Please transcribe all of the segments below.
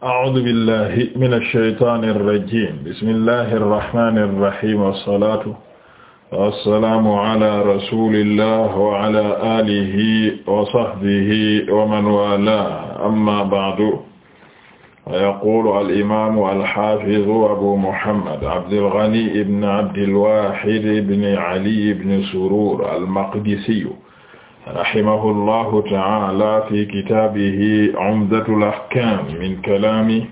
a'uuzu billahi mina shaytaani rajiim bismillahi rahmaani rahiim wassalaatu wassalaamu ala rasuulillah wa ala aalihi wa sahbihi wa man waalaahu amma ba'du yaquulu al-imaamu al-haafizu abu muhammad abdul ghani ibn abdil waahid ibn ali ibn suruur al-maqdisiyu rahimahullahu ta'ala fi kitaabihi Umdatul Ahkaam min kalaami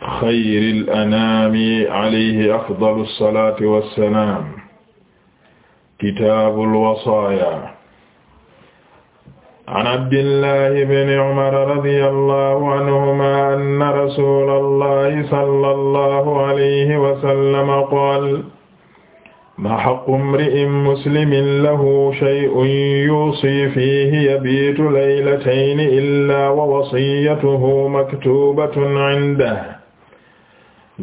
xayril anaami alayhi afdalu salaati wa salaam kitaabul wasaaya an Abdillahi ibni Umar radiyallahu anhumaa anna rasuulallahi sallallahu alayhi wa sallam qaala ma haqqu mri'in muslimin lahu shay'un yuusi fiihi yabiitu laylatayni illaa wa wasiyyatuhu maktuubatun 'indahu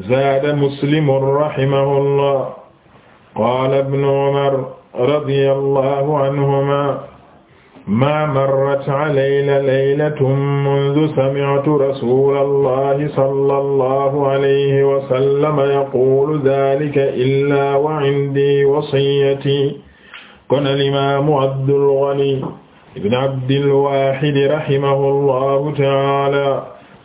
zaada muslimun rahimahullah qaala ibnu umar radiyallahu anhumaa ma marrat alayna laylatun mundu sami'tu rasulallahi sallallahu alayhi wa sallam yaqulu dhalika illa wa 'indi wasiyati kon al-imaamu Abdul Ghani ibn Abdil Waahid rahimahullahu ta'ala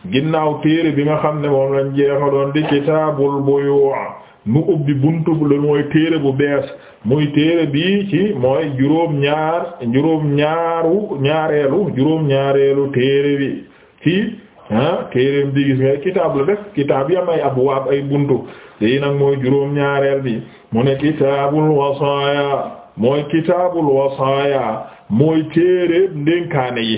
ginnaaw téere bi nga xam ne moom lañ jeexaloon di kitaabul buyu' mu ubbi buntu bu loolu mooy téere bu bees muy téere bii ci mooy juróom ñaar juróom ñaaru ñaareelu juróom ñaareelu téere bi ci ah téereem bi gis nga kitaab la def kitaab yam ay abwaab ay buntu lii nag mooy juróom ñaareel bi mu ne kitaabul wasaaya mooy kitaabul wasaaya mooy téere ndénkaane yi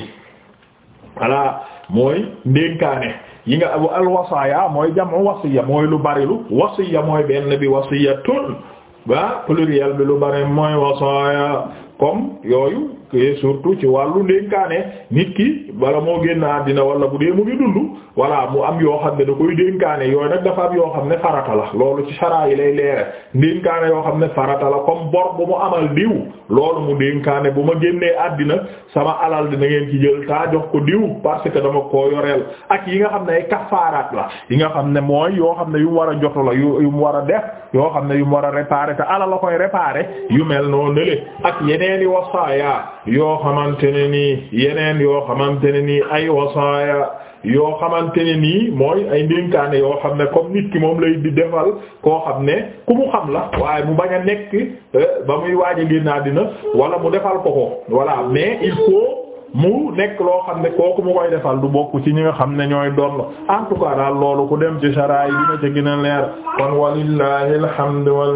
voilà mooy ndénkaane yi nga al wasaaya mooy jamu wasiya mooy lu bari lu wasiya mooy benn bi wasiyatun ba pluriel bi lu bari mooy wasaaya comme yooyu et surtout ci wàllu ndénkaane nit ki bala moo génn àddina wala bu dee mu ngi dund wala mu am yoo xam ne da koy dénkaane yooyu nag dafa am yoo xam ne farata la loolu ci saraa yi lay leere ndénkaane yoo xam ne farata la comme bor bu mu amal diw loolu mu dénkaane bu ma génnee àddina sama alal dina ngeen ci jël taa jox ko diw parce que dama koo yoreel ak yi nga xam ne ay kafaaraat la yi nga xam ne mooy yoo xam ne yu war a jotu la yu mu war a def yoo xam ne yu mu war a réparer la koy réparer yu mel noonu le ak yeneeni wasaaya yoo xamante ne nii yeneen yoo xamante nii ay wasaaya yoo xamante nii mooy ay ndénkaane yoo xam ne comme nit ki moom lay di defal koo xam ne ku mu xam la waaye mu bañ a nekk euh, ba muy waaj a dina wala mu defal ko ko voilà mais il faut mu nekk loo xam ne kooku mu koy defal du bokk ci ñu nga xam ne ñooy doon en tout loolu ku dem ci saraay dina ca gën a leer kon walillahi alhamdu wal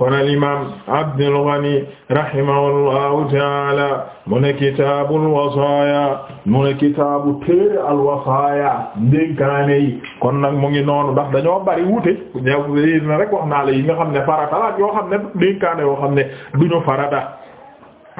kon al imaam Abdul Ghani rahimahullahu taala mu ne kitaabul wasaaya mu ne kitaabu téere al wasaaya ndénkaane yi kon nag mu ngi noonu ndax dañoo bari wute ñëw na rek wax naa la yi nga xam ne farata la yoo xam ne ndénkaane yoo xam ne duñu a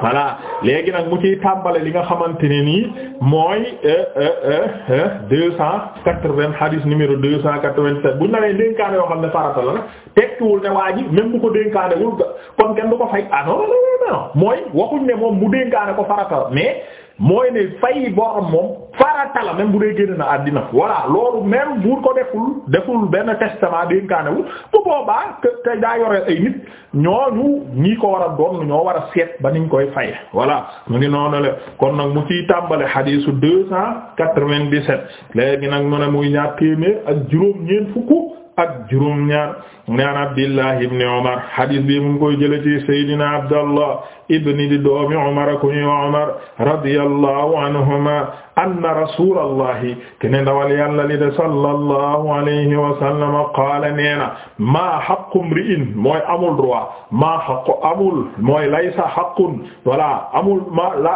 voilà léegi nag mu ciy tàmbale li nga xamante ne nii mooy euh, euh, euh, deux cent quatre-vingts hadith numéro deux cent quatre-vingt-sept buñ la nee dénkaane yoo xam ne farata la nag tekkiwul ne waa ji même bu ko dénkaanewul kon kenn du ko fay ah non mooy waxuñ ne moom mu dénkaane ko farata mais. mooy ne fay borom moom farata la même bu dee génn na àddina voilà loolu même bu ko deful deful benn testament dénkaanewul bu boobaa te daa yore ay nit ñooñu ñii ko war a doon ñoo war a seet ba niñ koy faye voilà mu ngi noonu la kon nag mu ciy tàmbale xadiisu deux cent quatre-vingt-dix-sept léegi nag mu ne muy ñaar téeméer ak juróom ñeent fukk ak juróom ñaar ne an Abdillah ibn Umar hadith bi mu ngi koy jële ci Seydina Abdallah ibni di doomi Umar ku ñuy Umar radiyallahu anhuma anna rasulallahi kene ndawal yàlla li de sallallahu alayhi wa sallam qaala neena maa haqqu mri'in mooy amul droit maa haqqu amul mooy laysa haqqun wala amul ma la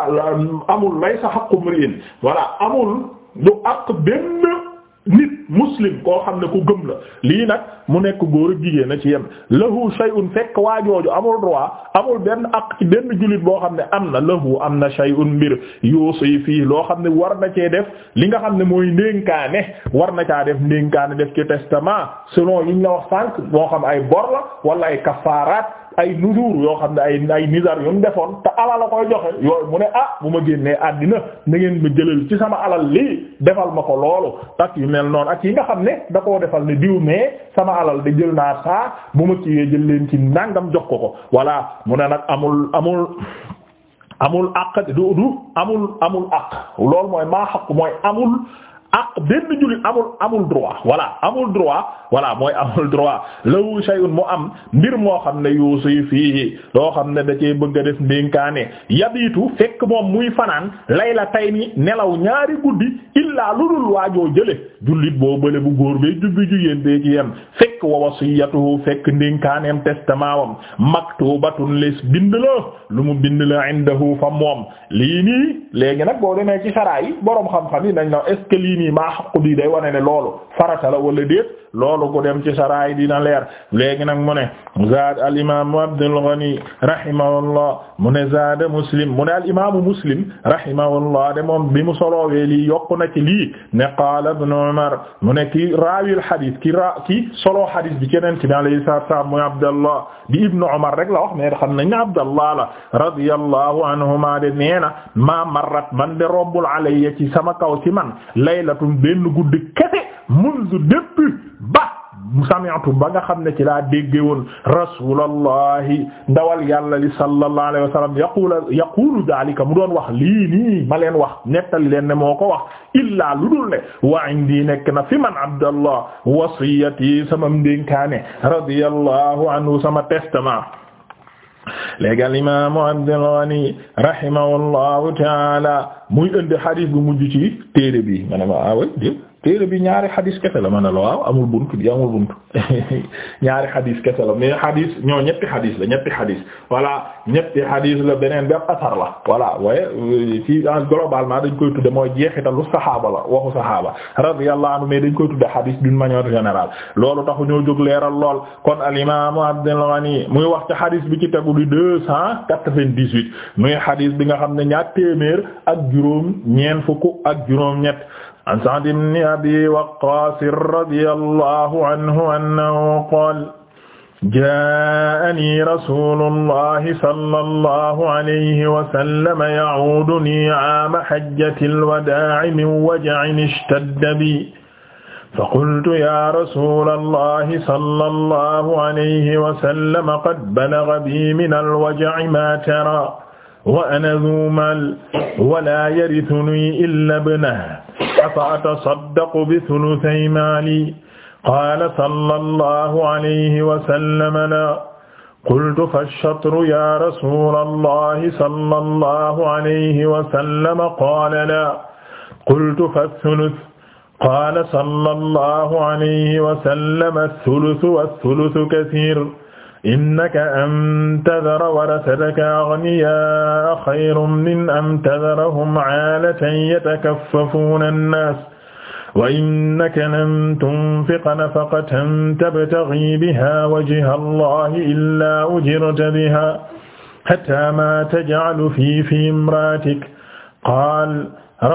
amul laysa haqqu mri'in wala amul du ak benn nit muslim koo xam ne ku gëm la lii nag mu nekk góor ak jigéen a ci yem lahu shay'un fekk waa jooju amul droit amul benn ak ci benn jullit boo xam ne am na lahu am na shay'un mbir yuusi fii loo xam ne war na cee def li nga xam ne mooy ndénkaane war na caa def ndénkaane def ci testament selon yiñ la wax sànq moo xam ay bor la wala ay kafaaraat ay nudur yoo xam ne ay ay nizar yu mu defoon te alal la koy joxe yooyu mu ne ah bu ma génnee àddina na ngeen ma jëlal ci sama alal li defal ma ko loolu tak yu mel noonu ak yi nga xam ne da koo defal ne diw mais sama alal de jël naa saa bu ma kiiwee jël leen ci nangam jox ko ko voilà mu ne nag amul amul amul àq du du amul amul àq loolu mooy maa xaq mooy amul. ah benn jullit amul amul droit voilà amul droit voilà mooy amul droit lahu shay'un mu am mbir moo xam ne yuusi fii loo xam ne da cee bëgg a def ndénkaane yabiitu fekk moom muy fanaan la tey ni nelaw ñaari guddi illaa lu dul waajoo jële jullit boo bële bu góor bee jubbi jigéen bee ci yem fekk wa yatu fekk ndénkaaneem testament wam maktubatun les bind la lu mu bind la indahu fa moom lii nii léegi nag boo demee ci saraa yi boroom xam-xam nii maa xaqu bii day wane ne loolu farata la wala déet loolu ko dem ci saraay dina leer léegi nag mu ne zaad al imaamu Abdul Ghani rahimahullah mu ne zaada muslim mu ne al imaamu muslim rahimahullah de moom bi mu soloowee lii yokku na ci lii ne qaala ibn Umar mu ne ki raawil hadith ki ra ki solo hadith bi keneen ci alayhi salaatu wa rek la wax mais xam nañ ne Abdallah la radiyallahu anhuma de nee na maa marrat man de robbul alayya ci sama kaw ci man laylatun benn guddi kese mundu depuis ba ba nga xam ne ci laa dégge woon rasulallahi ndawal yàlla li sallallahu alayhi wa sallam yaqulu mu doon wax lii nii ma leen wax nettali leen ne moo ko wax illaa lu dul ne indi nekk na fi man abdallah wasiyati sama ndénkaane radiyallahu anhu sama testament léegi al imaamu Abdul Ghani rahimahullahu taala muy indi hadith bu mujj ci téere bi ma ma ah oui téere bi ñaari xadis kese la ma a la waaw amul buntu bi amul buntu ñaari xadis kese la mais xadis ñoo ñetti xadis la ñetti xadis voilà ñetti xadis la beneen bi ab asar la voilà waaye euh, ci en globalement dañ koy tudde mooy jeexitalu saxaaba la waxu saxaaba radiyallahu anhu mais dañ koy tudde xadis d'une manière générale loolu taxu ñoo jóg leeral lool kon al muy wax ci xadis bi ci tegu di deux cent quatre-vingt-dix-huit muy xadis bi nga xam ne ñaar téeméer ak juróom ñeent fukk ak an Sa'd ibn Abi Waqqas radiyallahu anhu annahu qaala jaa'anii rasuulullahi sallallahu alayhi wa sallam ya'uudunii 'aama hajjatil wadaa'i min waja'in ishtadda bi faqultu yaa rasuulallahi sallallahu alayhi wa sallam qad balagha bii minal waja'i maa taraa wa ana dhu mal wa la yarithuni illa ibnuhu afa atasaddaqu bi thuluthay mali qaala sallallahu alayhi wa sallam la qultu fashatru ya rasulallahi sallallahu alayhi wa sallam qaala la qultu fathuluth qaala sallallahu alayhi wa sallam athuluthu wathuluthu kathir innaka an tadara warasataka aghniyaa xayrun min an tadarahum aalatan yatakaffafuuna annaas wa innaka lan tunfiqa nafaqatan tabtaghii bihaa wajha allahi illaa ujirta bihaa hattaa maa tajcalu fii fii imraatik qaal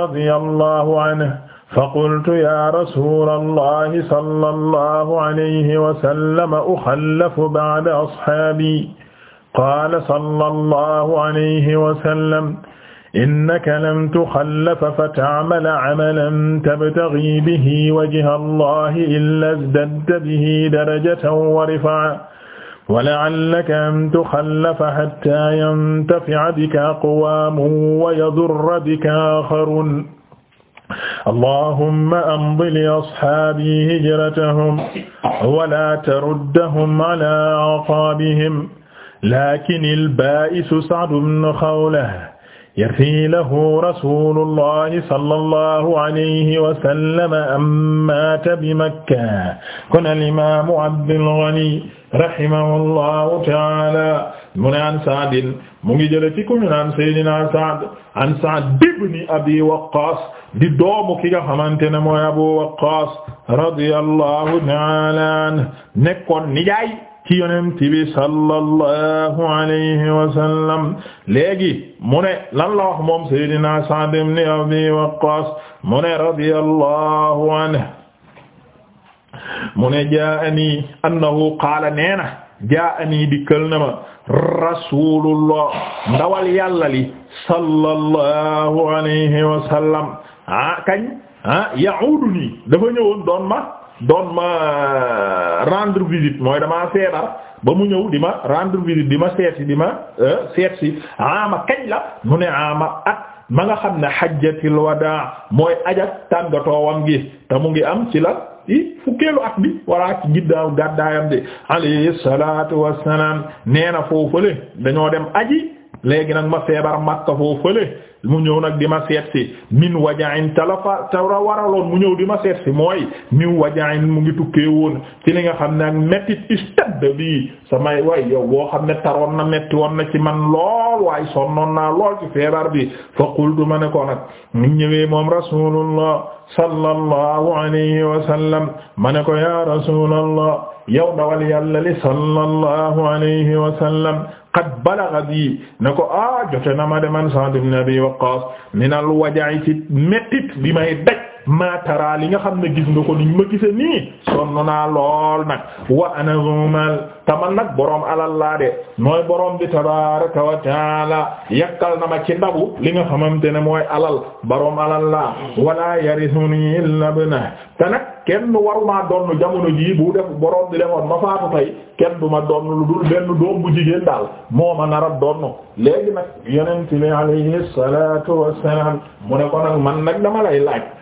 radiyallaahu anhu faqultu ya rasula allahi sala allahu alayhi wasallama uxallafu bacda asxaabi qaala sala allahu alayhi wasallam innaka lan tuxallafa fatacmala camalan tabtaxi bihi wajha allahi illa zdadta bihi darajatan wa rifca wa lacallaka an tuxallafa xatta yantafica bika aqwaamun wa yadurra bika aaxaruun allahumma amdi li ashaabi hijratahum wala taruddahum ala aqaabihim lakin al-baa'isu Sa'd ibn Khawla yafii lahu rasulullahi sallallahu alayhi wa sallam ammaata bi Makka kon al-imaamu Abdul Ghani rahimahullahu ta'ala mu ne an Saadin mu ngi jële ci ku ñu naan Seydina Saad an Saad ibn Abi Waqqaas di doomu ki nga xamante ne mooy Abu Waqqaas radiyallahu ta'ala anhu nekkoon nijaay ci yonent bi sallallahu alayhi wa sallam léegi mu ne lan la wax moom Seydina Saad ibn Abi Waqqaas mu ne radiyallahu anhu mu ne jaani annahu qaala neena jaani dikkal na ma rasulullah ndawal yàlla li sallallahu alayhi wa a ah kañ ah ya'udu nii dafa ñëwoon doon ma doon ma rendre visite mooy damaa feebar ba mu ñëw di ma rendre visite di ma euh, seet si di ma seet si ama kañ la mu ne ama at ma nga xam ne hajjatil wadaa mooy ajak tàggatoowam gi te mu ngi am ci la ci fukkeelu at bi walla ci giddaaw gàddaayam de alayhi salaatu wassalaam nee na foofule dañoo dem aji léegi nag ma feebar makka foo fële mu ñëw nag di ma seet si min wajain talafa tara waraloon mu ñëw di ma seet si mooy min wajain mu ngi tukkee woon ci li nga xam ne ak mettit istadd bi samay way yow boo xam ne taroon na metti woon na ci man lool waaye sonnoon naa lool ci feebar bi fa qultu ma ne ko nag mu ñëwee moom rasulullah sallallahu alayhi wa sallam ne ko ya yow dawal yàlla li alayhi wa qad balagha bi ne ko ah jote na ma de man Sa'd ibn Abi Waqqas min al waja'i ci mettit bi may daj maatara li nga xam ne gis nga ko niñ ma gise nii sonn naa lool nag wa ana zumal taman nag boroom alal laa de mooy boroom bi tabaraka wa taala yakkal na ma ci ndabu li nga xamante ne mooy alal boroom alal laa wala yarisuni illa bna te nag kenn waruma donn jamono jii bu def boroom di defoon ma faatu tey kenn du lu dul benn doom bu jigéen daal moo ma nar a donn léegi nag yonent bi alayhi salatu wassalam mu ne ko nag man nag dama lay laaj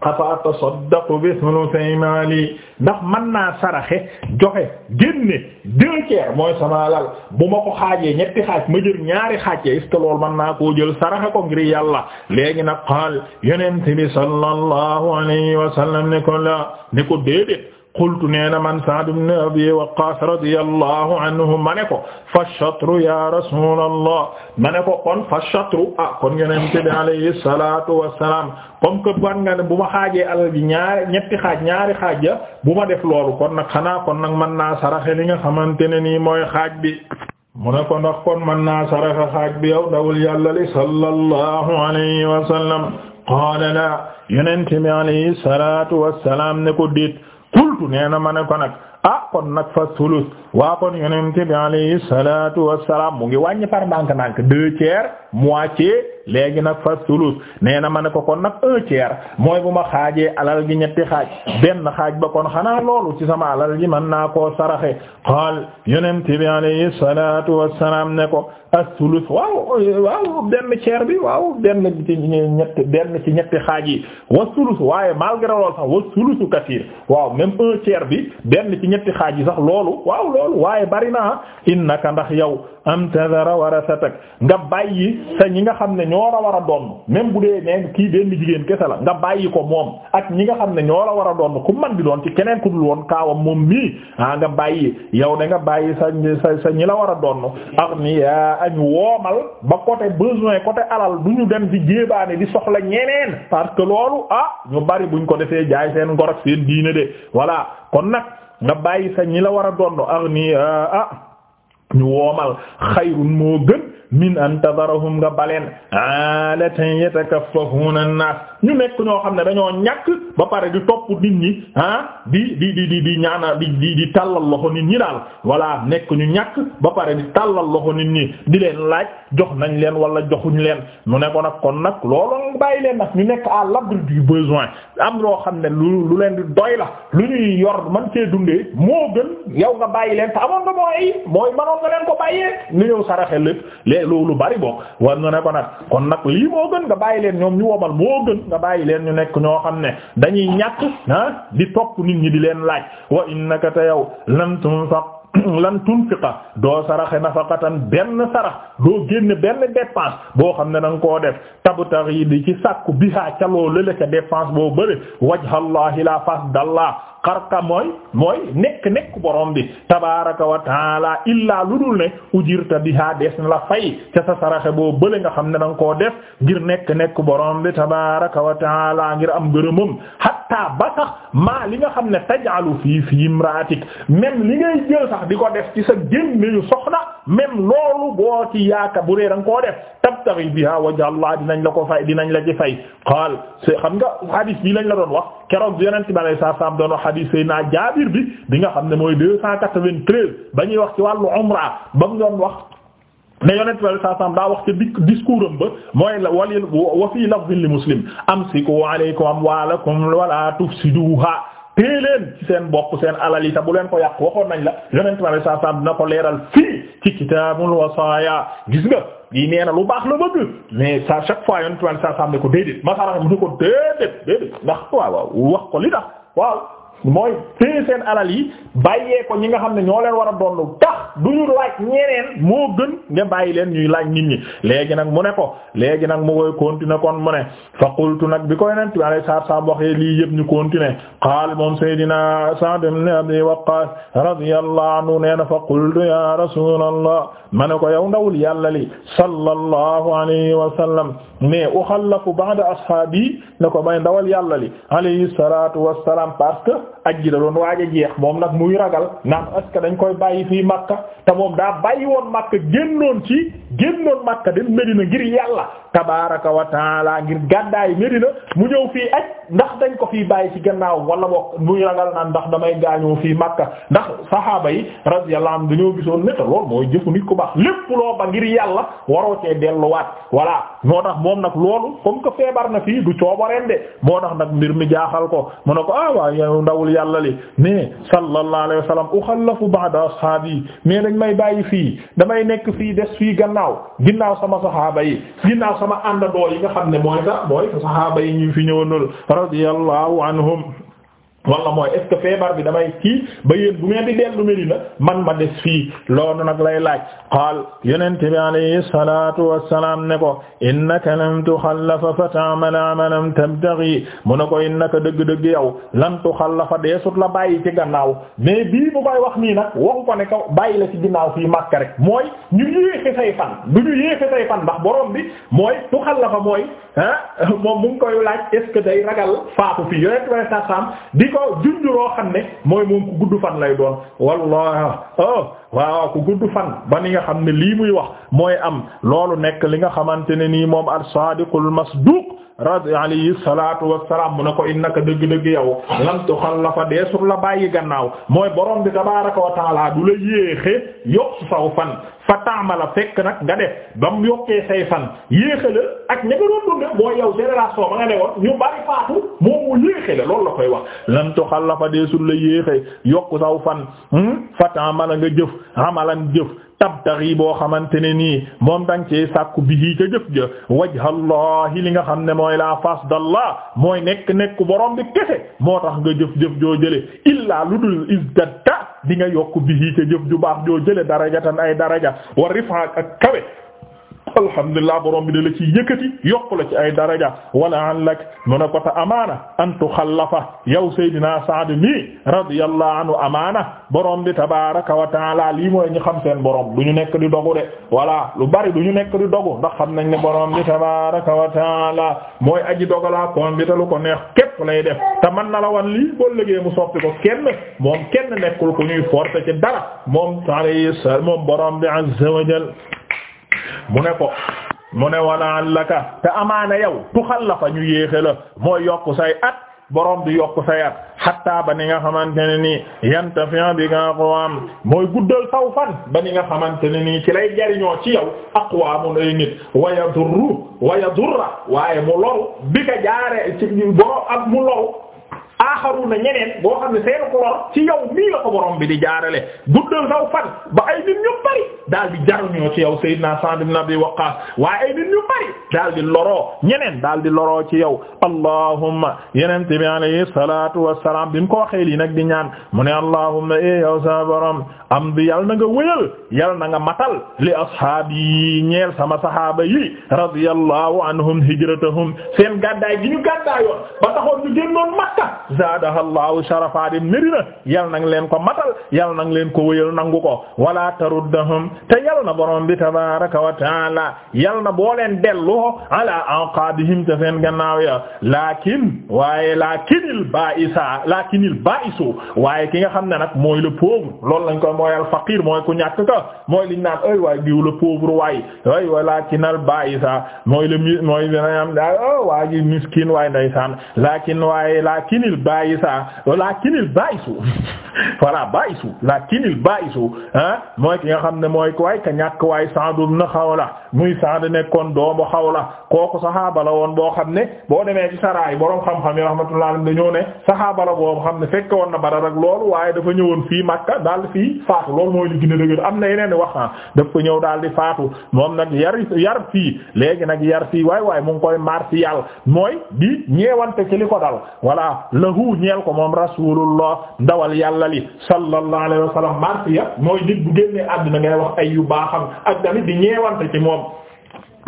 afa atasaddaqu bi thuluthay mali ndax mën naa saraxe joxe génne deux tiers mooy sama alal bu ma ko xaajee ñetti xaaj ma jël ñaari xaaj ya est-ce que loolu mën naa koo jël saraxe ko ngir yàlla léegi nag qaal yonent bi sallallahu alayhi wa sallam ne ko la ne ko déedéet qultu nee na man Sa'd ibn Abi Waqqas radiyallahu anhu ma ne ko fa shatru ya rasulallah ma ne ko kon fa shatru ah kon yonent bi alayhi salatu wassalam comme que ban nga ne bu ma xaajee alal bi ñaari ñetti xaaj ñaari xaaj bu ma def loolu kon nag xanaa kon nag mën naa saraxe li nga xamante ne nii mooy xaaj bi mu ne ko ndax kon mën naa saraxe xaaj bi yow dawul li sallallahu alayhi wa sallam qaala la qultu nee na ma ne ko nag ah kon nag fa waa kon yonent bi alayhi salaatu wassalaam mu ngi wàññi par ndànk-ndànk deux tiers léegi nag fa sulus nee na ma ne ko kon nag un tiers mooy bu ma xaajee alal gi ñetti xaaj benn xaaj ba kon xanaa loolu ci sama alal ji mën naa ko saraxe yeneen yonent bi alayhi salaatu wassalaam ne ko as-sulus waaw benn tiers bi waaw benn ci ñetti benn ci ñetti xaaj yi wa sulus waaye malgré loolu sax wa sulusu kasiir waaw même un tiers bi benn ci ñetti xaaj yi sax loolu waaw loolu waaye bari naa innaka ndax yow am tadara warasatak nga bàyyi sa ñi nga xam ne ñoo la war a doon même bu dee nee kii benn jigéen kese la nga bàyyi ko moom ak ñi nga xam ne ñoo la war a donn ku man di doon ci keneen ku dul woon kaawam moom mii ah nga bàyyi yow da nga bàyyi sa sa sa ñi la war a doon ak ni yaa añ woomal ba côté besoin côté alal du ñu dem di jéebaane di soxla ñeneen parce que loolu ah ñu bari buñ ko defee jaay seen ngor ak seen diine de voilà kon nag nga bàyyi sa ñi la war a doon ak ni ah. ñu woomal xayrun moo gën min an tadarahum nga baleen alatan yatakaffafuna an-nas ñu nekk ñoo xam ne dañoo ñàkk ba pare di topp nit ñi ah di di di di di ñaana di di di tàllal loxo nit ñi daal voilà nekk ñu ñàkk ba pare di tàllal loxo nit ñi di leen laaj jox nañ leen wala joxuñ leen mu ne nag kon nag loolu bàyyi leen nag ñu nekk à l'abri du besoin am loo xam ne lu lu leen di doy la lu ñuy yor man cee dundee moo gën yow nga bàyyi leen te amoon nga mooy mooy manoon lu lu bari bokk war ne ko nag kon nag yi moo gën nga bàyyi leen ñoom ñu wobal moo gën nga bàyyi leen ñu nekk ñoo xam ne dañuy ñàkk ah di topp nit ñi di leen laaj wa innaka te yow lam tunfaq lan tunfiqa doo saraxe nafaqatan benn sarax doo génn benn dépense boo xam ne da nga koo def yi di ci sàkku biha ca loo lële ca dépense boo bëre wajhallahi la fas dalla xarka mooy mooy nekk nekk borom bi tabaraka wa taala illaa lu dul ne ujirta biha dees na la fay ca sa saraxe boo bële nga xam ne dang nga koo def ngir nekk nekk borom bi tabaraka wa taala ngir am gërëmam hatta ba tax li nga xam ne tajalu fii fi imraatik même ngay jël sax di ko def ci sa génneyu soxna même loolu boo ci yaaka bu dee da nga koo def tabtaghi biha wajha Allah dinañ la ko fay dinañ la ci fay qaal xam nga hadith bi lañ la doon wax keroog yonent bi sallallahu alayhi doon wax hadith sayna Jaabir bi bi nga xam ne mooy deux cent ba ñuy wax ci wàllu umra ba mu doon wax ne yonent bi saa saam daa wax ca di discours am ba mooy la wali wa fii lafzin li muslim amsiku alaykum amwaalakum wala tufsiduha tée leen ci seen bopp seen alal yi ta bu leen ko yàq waxoon nañ la yonent bi saa saam na ko leeral fii ci kitaabul wasaaya gis nga yi nee lu baax la bëgg mais ça chaque fois yonent bi saa saam ne ko déedéet masarax mu ne ko déedéet déedéet ndax waaw wax ko li tax waaw mooy téye seen alal yi bàyyee ñi nga xam ne ñoo leen war a doon tax du ñu laaj ñeneen moo gën nga bàyyi leen ñuy laaj nit léegi nag mu ne ko léegi nag mu koy continuer kon mu ne fa qultu nag bi koy nent bi alay saat saam waxee lii yëpp ñu continuer qaal moom Seydina Sa'd ibn Abi Waqqas radiyallahu anhu nee na fa qultu ya rasulallah ma ne ko yow ndawul yàlla li sallallahu alayhi wa sallam mais uxallafu ba'da ashaabi ne ko may ndawal yàlla li alayhi salatu wassalam aj ji da doon waaj a jeex moom nag muy ragal naan est que dañ koy bàyyi fii Makka te moom daa bàyyi woon Makka génnoon ci génnoon Makka dem Medina ngir yàlla tabaaraka wa taala ngir gàddaay Medina mu ñëw fii aj ndax dañ ko fii bàyyi ci gannaaw wala boog muy ragal naan ndax damay gaañoo fii Makka ndax saxaaba yi radiyallahu anhum dañoo gisoon ne te loolu mooy jëfu nit ku baax lépp loo ba ngir yàlla waroo cee delluwaat voilà moo tax moom nag loolu comme que feebar na fii du coobareen de moo tax nag mbir mi jaaxal ko mu ne ko ah waa yow ndawul yàlla li mais sallallahu alayhi wa sallam uxallafu ba'da ashaabi mais dañ may bàyyi fii damay ginnaaw ginnaaw sama saxaaba yi ginnaaw sama àndandoo yi nga xam ne mooy ta mooy saxaaba yi ñu fi ñëwoon radiyallahu anhum walla mooy est-ce que feebar bi damay kii ba yéen bu ngeen di dellu Medina man ma des fii loolu nag lay laaj qaal yonente bi alayhi salatu wassalam ne ko innaka lam tuxallafa fa ta'mal amalan tabtaghi mu ne ko innaka dëgg-dëgg yow lam tuxallafa deesut la bàyyi ci gannaaw mais bii mu koy wax nii nag waxu ko ne ko bàyyi la ci ginnaaw fii Makka rek mooy ñu yéexe say fan du ñu yéexe say fan ndax borom bi mooy tuxallafa mooy ah moom mu ngi koy laaj est-ce que day ragal faatu fii yonente bi alayhi salaam o junju loo xam ne mooy moom ku gudd fan lay doon wallaah oh waaw ku gudd fan ba ni nga xam ne lii muy wax mooy am loolu nekk li nga xamante ne nii moom as-sadiqul masduq radi alayhi salatu wassalam mu ne ko innaka dëgg-dëgg yow lam tuxallafa deesul la bàyyi gannaaw mooy borom bi tabaraka wa taala du la yéexe yokk saw fan fa taamala fekk nag nga def ba mu yokkee say fan yéexe la ak ña nga doon dunde mooy yow génération ba nga ne woon ñu bari faatu moom mu yéexe la loolu la koy wax lam tuxallafa deesul la yéexe yokk saw fan hmm? fa taamala nga jëf amalan jëf tabtaxi boo xamante ne nii moom dang cee sàkku bihi ca jëf ja wajhallahi li nga xam ne mooy la face d'Allah mooy nekk nekk borom bi kese moo tax nga jëf jëf joo jële illaa lu dul izdata di nga yokk bihi ca jëf ju baax joo jële darajatan ay daraja wa rifa ak kawe alhamdulilah borom bi da la ci yëkkati yokk la ci ay daraja wala an lak mu ne ko ta amaana an tuxallafa yow Seydina Saad mi radiyallahu anhu amaana borom bi tabaaraka wa taala lii mooy ñu xam seen borom du ñu nekk di dogu de voilà lu bari du ñu nekk di dogu ndax xam nañ ne borom bi tabaaraka wa taala mooy aji dogalaa koom bi te ko neex képp lay def te man na la wan lii boo liggéey mu soppi ko kenn moom kenn nekkul ku ñuy forcer ci dara moom borom bi azza mu ne ko mu ne wala laka te amaana yow tuxallafa ñu yéexe la mooy yokk say at boroom bi yokk say at xatta ba ni nga xamante ne nii yantafi bi nga aqwaam mooy guddal saw ba ni nga xamante ni nii ci lay jariñoo ci yow aqwaamun ay nit wa yadurru wa yadurra waaye mu loru bi ka jaare ci borom ak mu loru aaxaruna ñeneen boo xam ne seenu ko ci yow mii la ko bi di jaarale guddal saw ba ay nit ñu bari daal di jaruñoo ci yow Seydina Sa'd ibn Abi Waqqas waaye ay nit ñu bari daal di loroo ñeneen daal di loroo ci yow allahumma yenente bi alayhi salatu wassalam bi lii nag di ñaan mu ne allahumma e yow sa am di yal na nga wëyal yal na matal li ashaab yi ñeel sama sahaaba yi radiyallahu anhum hijratahum seen gàddaay gi ñu gàddaayoon ba taxoon ñu génnoon Makka zaadaha allahu sharafaadi Medina yal nang leen ko matal yal nang leen ko wëyal nangu ko wala taruddahum te yal na borom bi tabaraka wa taala yal na boo leen delluho ala anqaabihim te seen gannaaw ya lakin waaye lakinil baisa lakinil baisu waaye ki nga xam ne nag mooy le pauvre loolu lañ ko mooy al faqir mooy ku ñàkk ka mooy liñ naan ay waay diw le pauvre waay ay lakinal baisa mooy le mooy dinañ am daa lakin waaye lakinil baayisa walaakinil baayisu voilà baayisu laakinil baayisu ah mooy ki nga xam ne mooy waay ka ñàkk waay Saadum na xaw Xawla muy Saad nekkoon doomu Xawla kooku saxaaba la woon boo xam ne boo demee ci saraay boroom xam-xam yi rahmatullah dañoo ne saxaaba la boo xam ne fekke woon na Badar ak loolu waaye dafa ñëwoon fii Makka daal fii faatu loolu mooy li a dëgër am na yeneen waxaa ah, dafa ñëw daal di faatu moom nag yar yar fii léegi nag yar fii waay waay mu ngi koy martial mooy di ñeewante ci li ko dal voilà lahu ñeel ko moom rasulullah ndawal yàlla li sallallahu alayhi wa sallam marsiya mooy nit bu génnee àdduna ngay ay yu baaxam ak tamit di ñeewante ci moom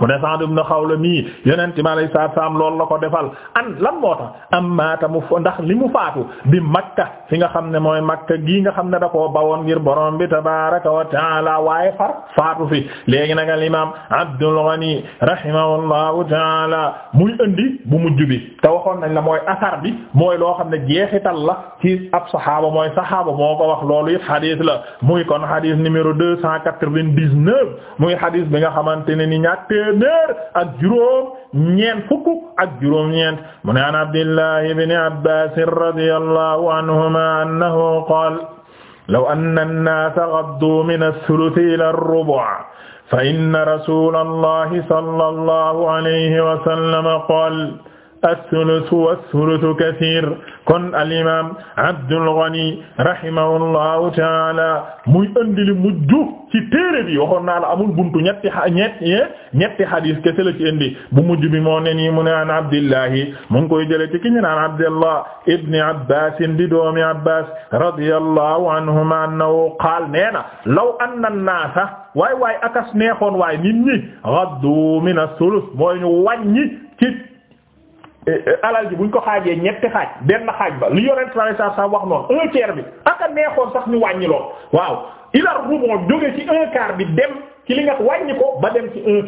mu ne Sa'd ibn Khawla mii yonente mi alayhi salaatu salaam la ko defal an lan moo tax am maata mu ndax li mu faatu bi Makka fi nga xam ne mooy Makka gii nga xam ne da koo bawoon ngir borom bi tabaaraka wa taala waaye far faatu fi léegi nag al imaam Abdul Ghani rahimahullahu taala muy indi bu mujj bi te waxoon nañ la mooy asar bi mooy loo xam ne jeexital la ci ab saxaaba mooy saxaaba moo ko wax loolu it xadiis la muy kon xadiis numéro deux cent quatre-vingt-dix-neuf muy xadiis bi téeméer ak juróom ñeent fukk ak juróom ñeent mu ne an Abdillah ibn Abbas radiyallahu anhuma annahu qaala law anna an-naasa ghaddu min ath-thuluthi ila ar-rubu' fa inna rasuulallahi sallallahu alayhi wa sallam qaala as-sulus was-sulusu kasiir kon al-imaam Abdul Ghani rahimahullahu taala muy andi li mujj ci téere bi waxoon naa la amul buntu ñetti xa ñetti ñetti xadiis kese la ci indi bu mujj bi moo ne nii mu ne an Abdillahi mu ngi koy jëlee ci ki ñu naan Abdullah ibn Abbas di doomi Abbas radiyallahu anhuma annahu qaal nee na law anna an-naasa waay waay akas neexoon waay nit ñi gaddu min as-sulus mooy ñu wàññi ci alal ji buñ ko xaajee ñetti xaaj benn xaaj ba li yonent sallallahu alayhi wasallam wax noonu un bi aka neexoon sax ñu wàññi waaw ila rubu jóge ci un bi dem ci li nga wàññi ba dem ci un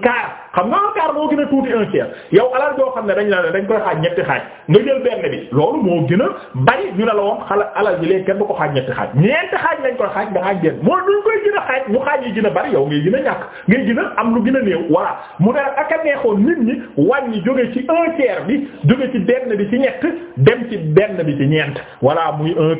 xam nga un quart moo gën a tuuti un tiers yow alal joo xam ne dañ la dañ koy xaaj ñetti xaaj nga jël benn bi loolu moo gën a bari ñu ne la woon xala alal ji léegi kenn du ko xaaj ñetti xaaj ñeenti xaaj lañ koy xaaj nga xaaj benn mooy duñ koy gën a xaaj ñu xaaj yi gën a bari yow ngay gën a ñàkk ngay gën a am lu gën a néew voilà mu ne ak a neexoon nit ñi wàññi jóge ci un tiers bi jóge ci benn bi ci ñett dem ci benn bi ci ñeent voilà muy un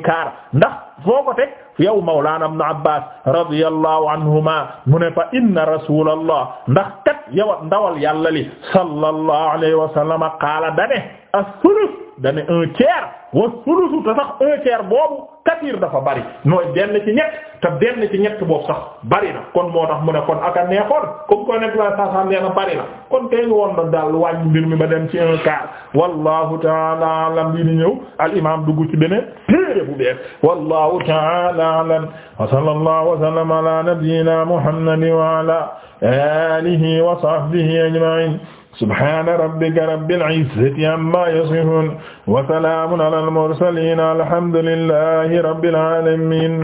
ndax foo ko teg yow mawlaana ibn Abbaas radiyallahu anhuma mu ne fa inna rasulallah ndax kat yow ndawal yàlla li sallallahu alayhi wa sallam qaala dane as-sulus dane un tiers wa sulusu te sax un tiers boobu katir dafa bari nooy benn ci ñett te benn ci ñett boobu sax bari na kon moo tax mu ne kon aka neexoon comme ko nekk la sasan nee na bari na kon tey ñu woon na daal wàññi mbir mi ba dem ci un quart wallahu taala alam bi di ñëw al imam dugg ci beneen téere bu bees wallahu taala alam wa sallallahu wa sallama ala nabiyyina muhammadin wa ala alihi wa sahbihi ajma'in subhana rabbika rabbil izzati amma yasifun wa salamun alal mursalin alhamdulillahi rabbil alamin